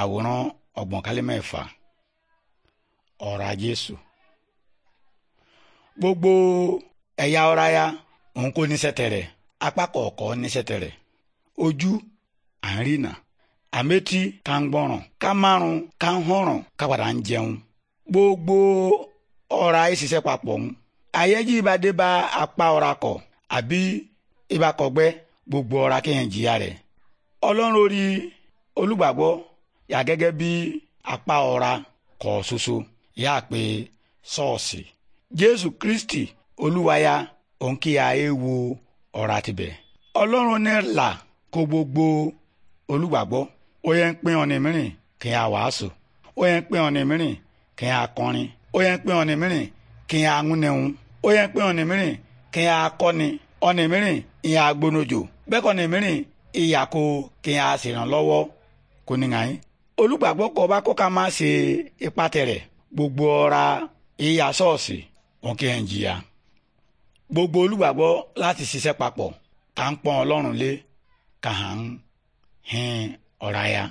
àwòrán ọgbọ̀n kálí mẹ́fà ọ̀rá Jésù gbogbo ẹ̀yà ọ̀rá ya òun kò níṣẹ́ tẹ̀rẹ̀ apá kọ̀ọ̀kọ́ níṣẹ́ tẹ̀rẹ̀ ojú à ń rìnà àmẹ́tí ká ń gbọ́ràn ká márùn ká ń hànràn ká padà ń jẹun gbogbo ọ̀rá yìí ṣiṣẹ́ papọ̀ ń ayẹ́jì ìbàdí bá apá ọ̀rá kọ̀ àbí ìbákọ̀gbẹ́ gbogbo ọ̀rá kéèyàn jìyà rẹ̀ ọlọ́run orí olùgbàgbọ́ yà gẹ́gẹ́ bí apá ọ̀ra kọ̀ ṣoṣo yà pé ṣọ́ọ̀ṣì jésù kristi olúwaya òǹkíyà ewu ọ̀ra tibẹ̀ ọlọ́run ní là kó gbogbo olùgbàgbọ́ ó yẹ ń pín ọ̀nì mìíràn kí a wàásù ó yẹ ń pín ọ̀nì mìíràn kí a kọrin ó yẹ ń pín ọ̀nì mìíràn kí a múnẹ̀hún ó yẹ ń pín ọ̀nì mìíràn kí a kọ́ni ọ̀nì mìíràn ìyá agbónojò bẹ́ẹ̀ kọ́ni mìíràn ìyàkó kí a ṣèrànlọ́wọ́ kò ní ngàn olùgbàgbọ́ kọ́ bá kó ká máa ṣe ipa tẹ̀rẹ̀ gbogbo ọ̀ra ìyá ṣọ́ọ̀ṣì wọn kì í ń jìyà gbogbo olùgbàgbọ́ láti ṣiṣẹ́ papọ̀ ká ń pọ́n ọlọ́run lé ká hàn ń ọ̀ra ya.